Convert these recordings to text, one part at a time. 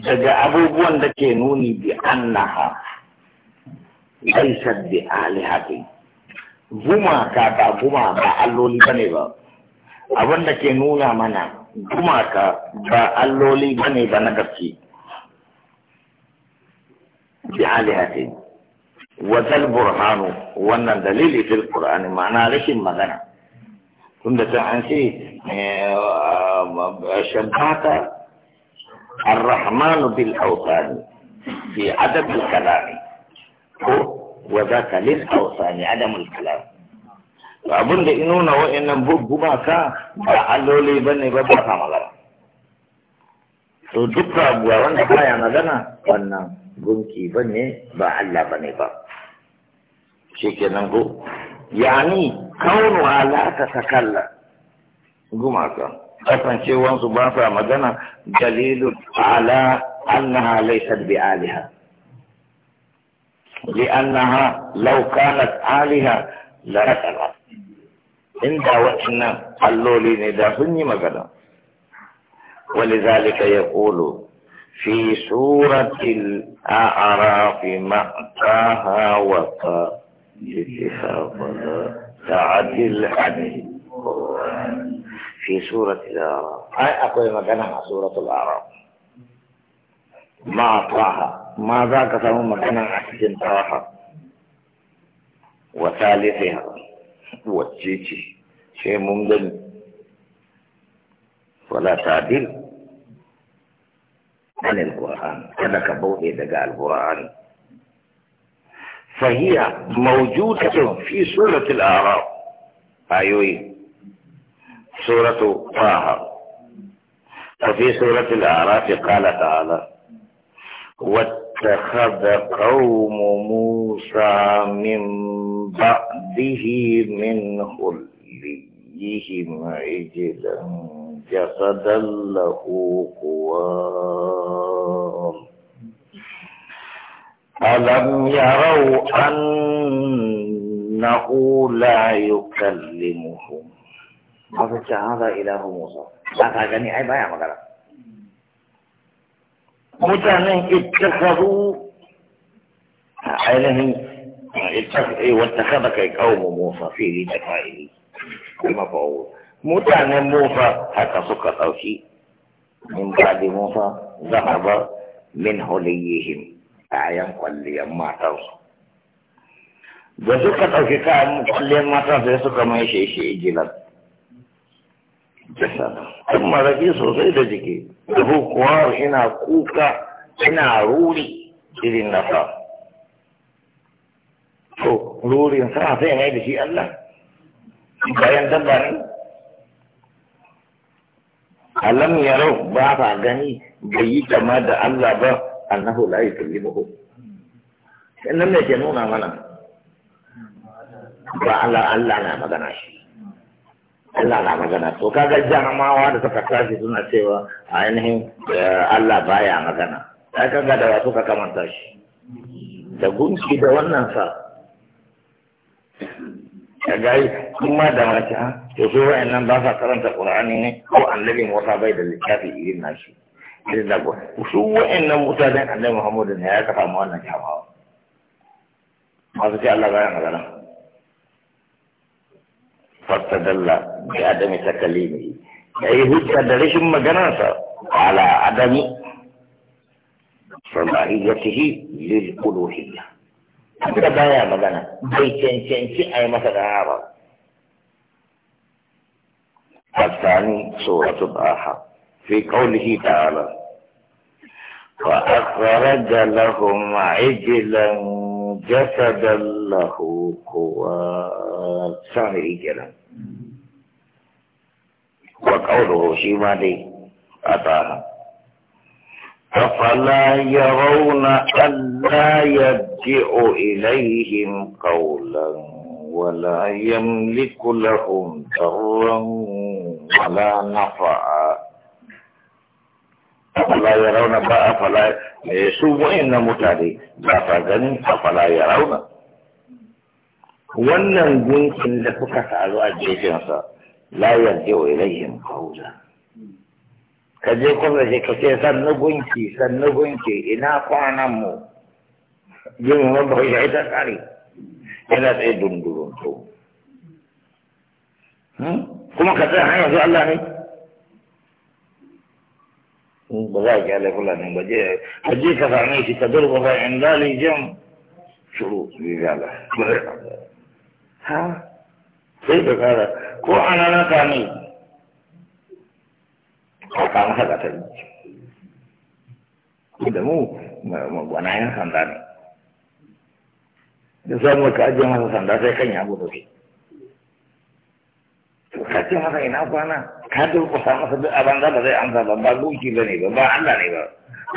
daga abubuwan da ke nuni bi annaha laysat bi alihatin gumaka ba guma ba alloli ba ne ba abin da ke nuna mana gumaka ba alloli ba ne ba na gaske bi alihatin wazal burhanu wannan dalili fil qur'ani ma'ana rashin magana tunda ta an ce eh, shabbata الرحمن بالأوطان في عدم الكلام هو وذاك للأوطان عدم الكلام abin da ino na wa'annan gumaka ba alloli ba ne ba ba sa magana to duk abuwa wanda baya magana wannan gunki ba ne ba Allah ba ne ba shi kenan ko yani kaunu ala ta sakalla gumaka kasance wansu ba sa magana dalilu ala annaha laysat bi aliha li annaha law kanat aliha la rakala inda wa'annan alloli ne da sun yi magana ولذلك يقول في سورة الأعراف مأتاها وقا لتحافظ تعدل عن القرآن في سورة الأعراف أي أقول مكانها سورة الأعراف ما طه ما ذاك سمو مكانها أحسن طه وثالثها وتشيتي شيء ممدن ولا تعديل عن القرآن هذا كبوه دقاء القرآن فهي موجودة في سورة الأعراف أيوه سورة طه وفي سورة الأعراف قال تعالى واتخذ قوم موسى من بعده من خليهم عجلا جسدا له قوام ألم يروا أنه لا يكلمهم أفتح هذا إله موسى أخذني أي بايع مقرأ متعنين اتخذوا عينهم إيه، واتخذ كي قوم موسى في دفائه كما فعول متعنين موسى حتى سكت أو شيء من بعد موسى ذهب من هليهم أعيان قليا ما توصل da suka ɗauki kayan kwalliyar mata sai suka mai shi shi ijilar jasa an maraƙi sosai da jiki da kuwa ina kuka ina ruri irin nasa to rurin sa sai yi da shi Allah bayan dabba ne alam yarau ba ka gani bai yi kama da Allah ba annahu la yukallimuhu nan me ke nuna mana ba Allah Allah na magana shi Allah na magana to kaga jamawa da suka tashi suna cewa ainihin eh, Allah baya magana ai kaga da wasu ka kamanta shi da gunki da wannan sa kaga kuma da mace to su nan ba sa karanta Qur'ani ne ko annabi wasa bai da littafi irin nashi irin da su wayannan mutanen annabi Muhammadu ne ya kafa mu wannan jamawa masu ce Allah baya magana فاستدل بعدم تكليمه أي هجة درش مجنسة على عدم صلاحيته للألوهية هذا بايا مجانا بيتين تنتي أي مثلا عرب الثاني سورة الآحة في قوله تعالى وأخرج لهم عجلا جسدا الله هو الساهر كلام وقوله شيما دي أتاها أفلا يرون ألا يرجع إليهم قولا ولا يملك لهم ضرا ولا نفعا أفلا يرون بقى أفلا يسوء إيه، إن متعدي لا فغني أفلا يرون wannan gunkin da suka taru a gefensa la yarje wa ilayhim qawla ka je kuma je ka ce sannu gunki sannu gunki ina kwanan mu yin wanda ya yi ta tsari yana tsaye dundurun to hmm? kuma ka tsaye hanyar zuwa Allah ne hmm, ba za a kyale fulani ba je ka je ka same shi ka durba ba in zali jam shuru zai zala ha sai ka kara ko ana na sami a kama haka ta yi da mu magwanayen sanda ne da samu ka ajiye masa sanda sai kan ya gudu shi to ka ce masa ina kwana ka durkusa masa duk abin da ba zai amsa ba ba gunki ba ne ba ba Allah ne ba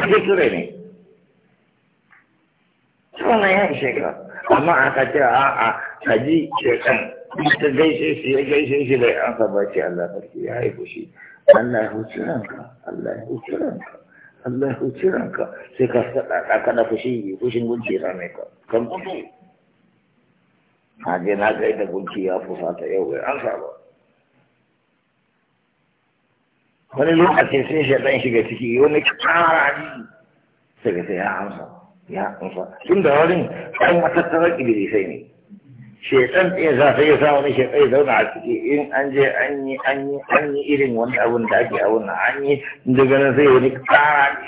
ka ce ture ne wannan ya ishe amma aka ce a'a ka ji shekan ka gaishe shi ya gaishe shi bai an ka bace Allah sarki ya yi shi Allah ya huci ranka Allah ya huci ranka Allah ya huci ranka sai ka faɗa ka na fushi fushin gunci rame ka kan kudu na je da gaida gunci ya fusata yau bai an saba wani lokacin sai shaɗan shiga ciki wani kara ji sai sai ya amsa ya kusa tun da wurin ɗan matattarar ibilisai ne shekan ɗaya za ta yi samun shekai ya zauna a ciki in an je an yi an yi an yi irin wani abun da ake abun an yi daga nan sai wani ƙara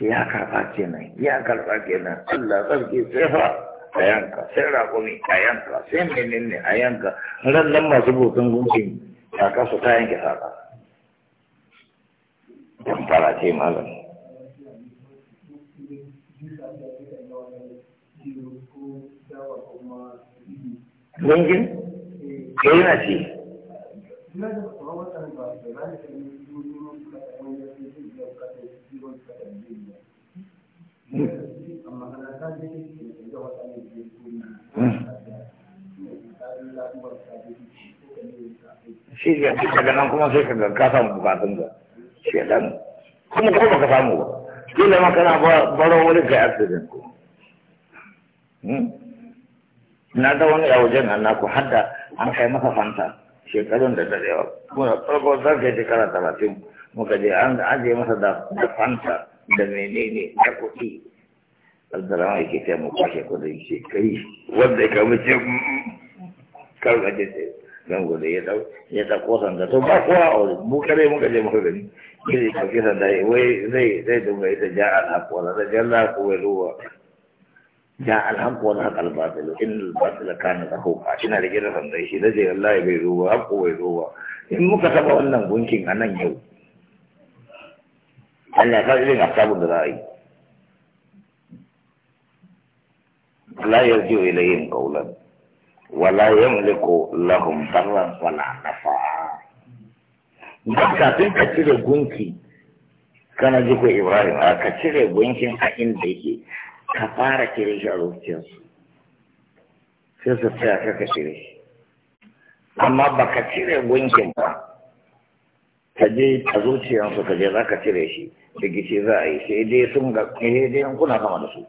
ne ya karɓa kenan ya karɓa kenan Allah sarki sai fa a yanka sai raƙumi a yanka sai menene a yanka ran nan masu bukin gunkin kaka su ta yanke saka. fara ce malam. Mungkin? Kayaknya sih. Shi ya duka ganin kuma sai ka ka samu bukatun ka. Shi dan kuma ko baka samu ba. Kila ma kana baro wani kai accident ko. na ga wani a wajen Allah ku hadda an kai masa fanta shekarun da dadewa kuma farko zan kai shekara talatin muka je an ajiye masa da fanta da menene da kuɗi Abdurrahman yake ce mu kwashe kudin ce kai wanda ya kama ce mm, mm, mm. karɓa ce sai don gudu ya ɗau ya ɗauko sanda to ba kowa a wuri mu kare muka je muka gani ya ɗauki sanda wai zai zai dunga ita ja a na kowa da jan na kowa ruwa جاء haka والحق in إن kanu da hauka. ina da gidan sandai shi da jiran layi bai zo ba hakko bai zo ba in muka taba wannan gunkin a nan yau Allah zai irin asabun da za a yi la yarju ilayhim qawlan wa la yamliku lahum darran wala nafa'a dan kafin ka cire gunki kana ji ko Ibrahim ka cire gunkin a inda yake ka fara kire shi a zuciyarsu sai su tsaya kaka cire shi amma ba ka cire gunkin ba ka je a zuciyarsu ka je za ka cire shi rikici za a yi sai dai sun ga sai dai kuna sama da su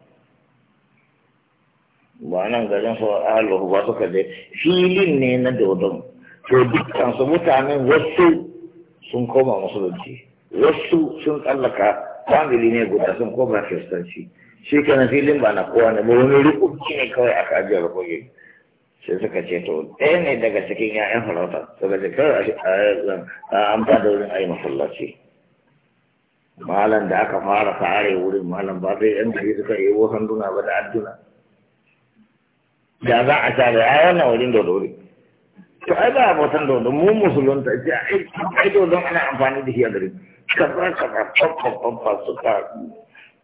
ba nan garin su aluhu ba suka je filin ne na dodon to dukkan mutanen wasu sun koma musulunci wasu sun tsallaka family ne guda sun koma kiristanci shi filin ba na kowa ne ba wani rukunci ne kawai aka ajiye rukunci sai suka ce to ɗaya ne daga cikin ya'yan farauta suka ce kawai a amfani da wurin ayi masallaci malam da aka fara fare wurin malam ba zai yan gari suka yi handuna ba da adduna da za a sha da yawon na da to ai ba a da dodon mu musulunta ce ai dodon ana amfani da shi a gari kaza kaza fafafafa suka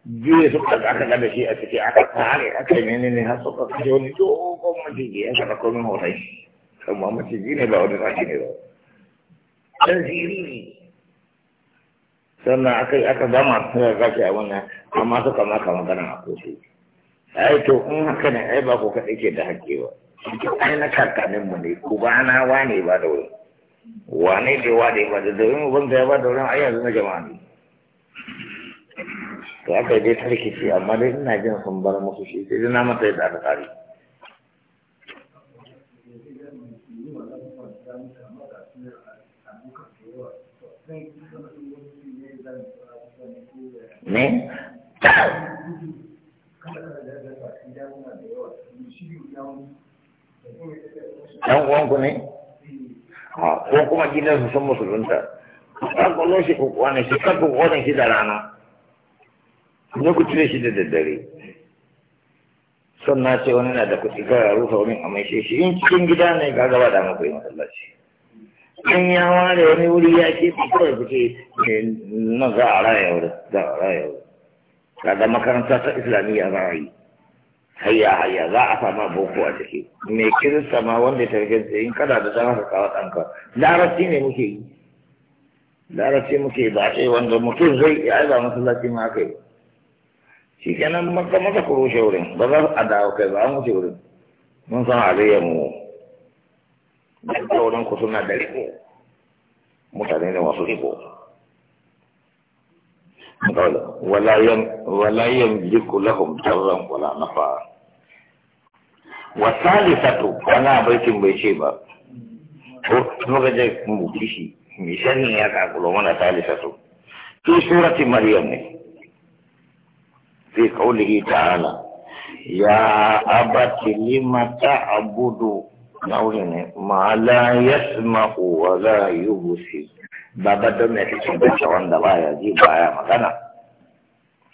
juya su kaga aka gada shi a ciki aka kare aka yi ne har suka kashe wani dogon maciji ya saka komin hoton shi amma maciji ne ba wani tsaki ne ba dan ne sannan aka aka zama suka kashe a wannan amma suka ka magana a kotu ai to in haka ne ai ba ku kaɗai ke da haƙƙi ba ai na kakaninmu ne kubanawa ne ba da wuri wane da wane ba da domin ubanta ya ba da wurin ai yanzu na jama'a ne to aka dai tarki shi amma dai ina jin sun bar musu shi sai na mata yadda aka tsari ne ɗan uwanku ne ah, ko kuma gidansu sun musulunta ɗan kwallon shi kukuwa ne shi kan kukuwa shi da rana ne ku cire shi da daddare sannan ce wani na da kuɗi kara rufa wani a maishe shi in cikin gida ne ga gaba da mafi masallaci in ya ware wani wuri ya ke kawai ku ce nan za a raya wuri za a raya ga da makaranta ta islamiyya za a yi hayya hayya za a fama boko a ciki mai kirista ma wanda ya tarfe in kada da zama ka kawo ɗanka larabci ne muke yi larabci muke ba wanda mutum zai iya aiba masallaci ma aka yi shi kenan maka maka ku rushe wurin ba za a dawo kai ba an wuce wurin mun san alayyar mu duk da wurin ku suna da riko mutane ne masu riko wala yamliku lahum darran wala nafa wa salisatu wala baitin bai ce ba ko muka je mu kishi misali ya kakulo mana salisatu fi surati maryam ne fi ƙaunihi ta'ala ya abati lima ta abudu na wuri ne ma la ya suma kowa za a yi hushi ba ya fi cin bacha ba ya ba ya magana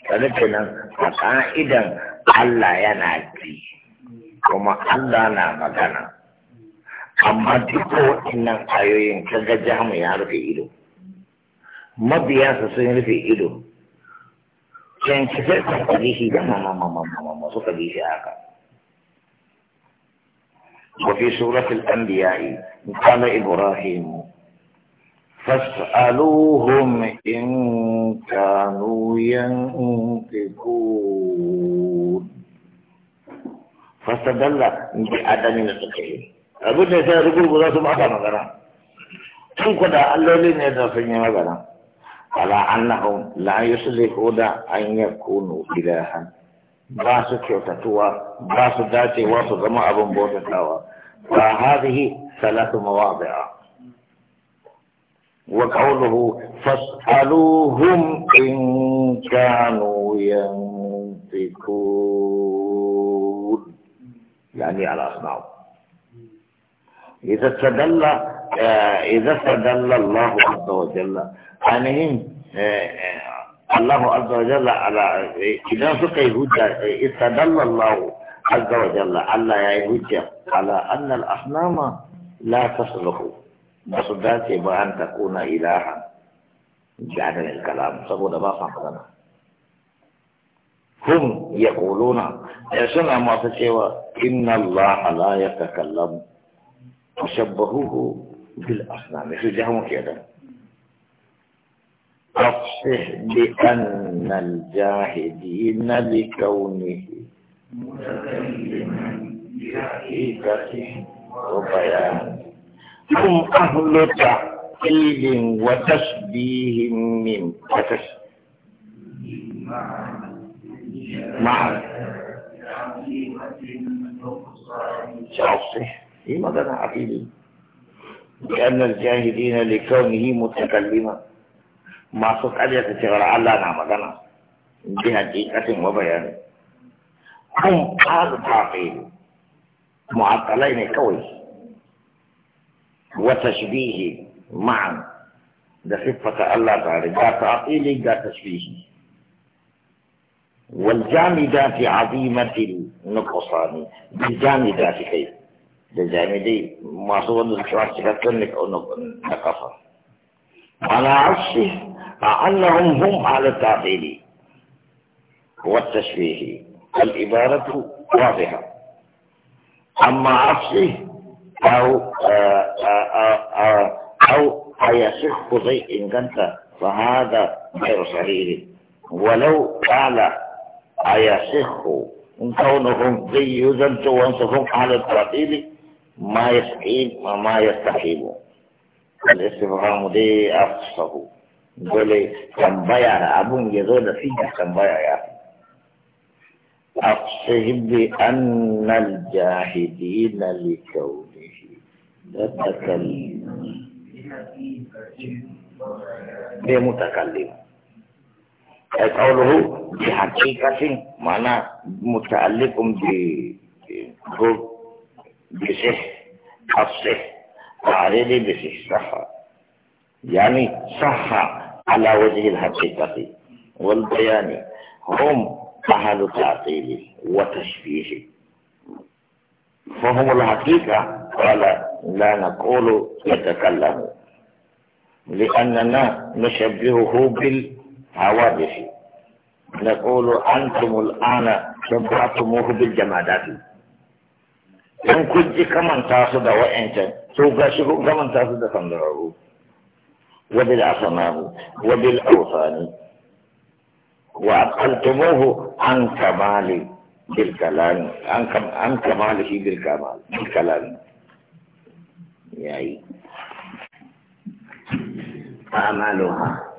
tare ke nan a ka'idan allah yana ji kuma allah na magana amma duka waɗannan ayoyin kaga jamu ya rufe ido mabiyansa sun rufe ido yankace ta kaji shi da mamamamamamma suka ji shi haka. Wafi suratul anbiya kana Ibrahim fas'aluhum in kanu yankun fasadalla bi adami na suka yi abin da ya sa rubu za su ma ka magana tun kwada alloli ne da sun yi magana على أنهم لا يصلحون أن يكونوا إلها باس كيوتاتوا باس داتي واسو زما أبن بوتتوا فهذه ثلاث مواضع وقوله فاسألوهم إن كانوا ينطقون يعني على أصنام إذا تدل آه، إذا استدل الله عز وجل عنهم يعني، آه، الله عز وجل على إذا سقي هدى استدل الله عز وجل على يهدى على أن الأصنام لا تصلح بصدات بأن تكون إلها جعل الكلام سبود ما لنا هم يقولون سنة ما تشوى إن الله لا يتكلم تشبهوه بالأصنام سجهم كذا أفصح بأن الجاهدين لكونه متكلما بحقيقته وبيانه هم أهل تعقيل وتشبيه من وتشبيه مع شخصه إيه في مدى عقيلي لأن الجاهدين لكونه متكلما ما سوك أجل تشغل على نعم كنا بحقيقة وبيان هم قال تعقيل معطلين كوي وتشبيه معا ده صفة الله تعالى ده تعقيل ده تشبيه والجامدات عظيمة النقصان بالجامدات كيف da jami'ai masu wanda suka cikakken ne na على عرشه أنهم هم على التعطيل والتشبيه الإبارة واضحة أما عرشه أو آآ آآ أو أيصح شيء كنت فهذا غير صحيح ولو قال أيصح كونهم زي يزنت وانصفهم على التعطيل ما يستحيل وما يستحيل الاستفهام دي أفصه دولي تنبيع أبون يزول فيه تنبيع يا أفصه بأن الجاهدين لكونه متكلم بمتكلم أي قوله بحقيقة معنى متعلق ب بصح الصح تعريض بصح صح يعني صح على وجه الحقيقة والبيان هم أهل تعطيل وتشبيه فهم الحقيقة قال لا نقول يتكلم لأننا نشبهه بالحوادث نقول أنتم الآن شبهتموه بالجمادات in kun ji kamanta su da wa'ancan to ga shi kun kamanta su da sandararru wabil asamahu wabil awsani wa aqaltumuhu an kamali bil kalam an kam an kamali shi bil kamal bil kalam yayi amaluha